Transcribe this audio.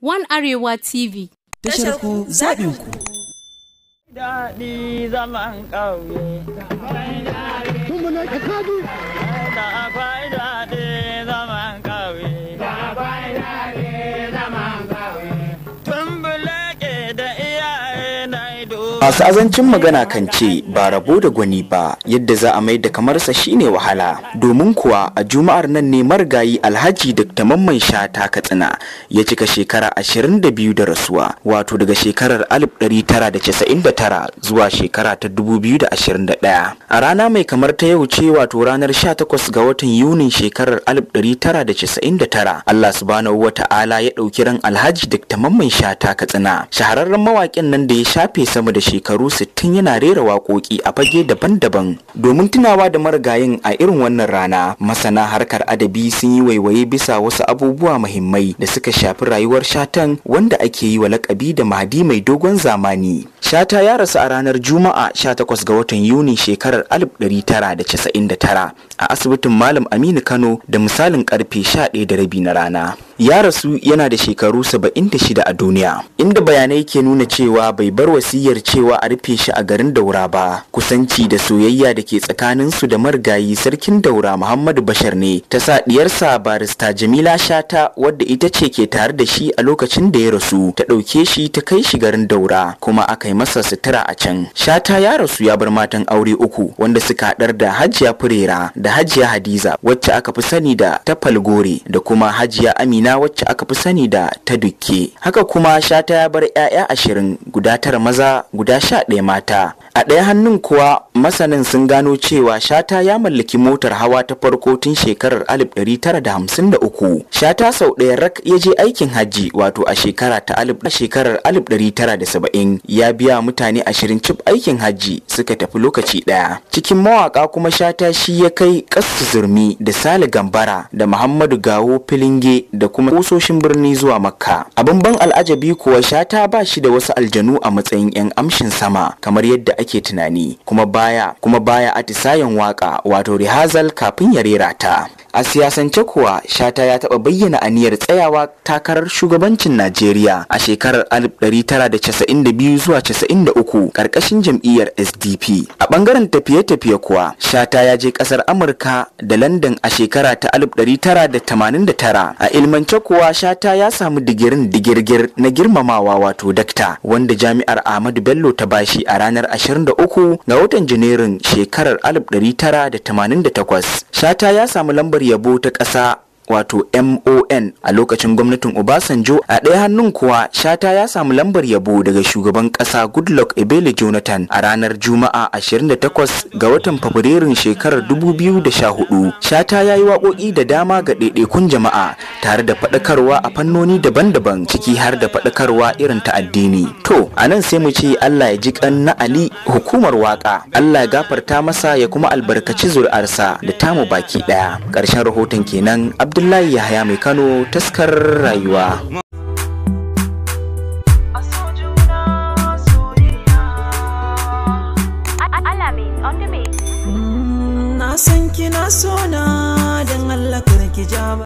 One Arewa TV. Tashar ku zaɓin ku. Daɗi zaman ƙauye. Kuma na ka kaji. Da akwai masu azancin magana kan ce ba rabo da gwani ba yadda za a mai da kamarsa shine wahala domin kuwa a juma'ar nan ne marigayi alhaji dr mamman sha ta katsina ya cika shekara 22 da rasuwa wato daga shekarar 1999 zuwa shekara ta 2021 a rana mai kamar ta yau ce wato ranar 18 ga watan yunin shekarar 1999 allah subhanahu wa ta'ala ya ɗauki ran alhaji dr mamman sha ta katsina shahararren mawaƙin nan da ya shafe sama da shekaru 60 yana rera waƙoƙi a fage daban-daban domin tunawa da marigayin a irin wannan rana masana harkar adabi sun yi waiwaye bisa wasu abubuwa muhimmai da suka shafi rayuwar shatan wanda ake yi wa lakabi da mahadi mai dogon zamani shata ya rasu a ranar juma'a 18 ga watan yuni shekarar 1999 a asibitin malam aminu kano da misalin karfe 11 da rabi na rana ya rasu yana da shekaru 76 a duniya inda bayanai ke nuna cewa bai bar wasiyar cewa a rufe shi a garin daura ba kusanci da soyayya da ke tsakaninsu da marigayi sarkin daura muhammadu bashar ne ta sa diyarsa barista jamila shata wadda ita ce ke tare da shi a lokacin da ya rasu ta ɗauke shi ta kai shi garin daura kuma aka yi masa sutura a can shata ya rasu ya bar matan aure uku wanda suka haɗar da hajiya furera da hajiya hadiza wacce aka fi sani da tafal gore da kuma hajiya amina ina wacce aka fi sani da ta dukke haka kuma shata ya bar 'ya'ya ashirin guda tara maza guda sha ɗaya mata A ɗaya hannun kuwa masanin sun gano cewa Shata ya mallaki motar hawa ta farko tun shekarar 1953. Shata sau ɗaya rak ya je aikin hajji wato a shekara ta alif a shekarar 1970 ya biya mutane ashirin cif aikin hajji suka tafi lokaci ɗaya. Cikin mawaƙa kuma Shata shi ya kai Kasu Zurmi da Sale Gambara da Muhammadu Gawo Filinge da kuma kusoshin birni zuwa Makka. Abin ban al'ajabi kuwa Shata ba shi da wasu aljanu a matsayin 'yan amshin sama kamar yadda ake ake tunani kuma baya kuma baya atisayen waka wato rehearsal kafin ya rera ta a siyasance kuwa shata ya taɓa bayyana aniyar tsayawa takarar shugabancin najeriya a shekarar 1992 zuwa 93 ƙarƙashin jam'iyyar sdp a ɓangaren tafiye-tafiye kuwa shata ya je ƙasar amurka da london a shekara ta 1989 a ilmance kuwa shata ya samu digirin digirgir na girmamawa wato dakta wanda jami'ar ahmadu bello ta bashi a ranar 23 ga watan janairun shekarar 1988 shata ya samu lambar lambar yabo ta ƙasa wato MON a lokacin gwamnatin Obasanjo a ɗaya hannun kuwa Shata ya samu lambar yabo daga shugaban ƙasa Goodluck Ebele Jonathan a ranar Juma'a 28 ga watan Fabrairun shekarar 2014. Shata ya yi waƙoƙi da dama ga ɗaiɗaikun jama'a tare da faɗakarwa a fannoni daban-daban ciki har da faɗakarwa irin ta addini. To, a nan sai mu ce Allah ya ji kan na Ali hukumar waƙa. Allah ya gafarta masa ya kuma albarkaci zuri'arsa da tamu baki ɗaya. Ƙarshen rahoton kenan Abdul abdullahi yahaya mai kano taskar rayuwa na san kina sona don Allah karki ja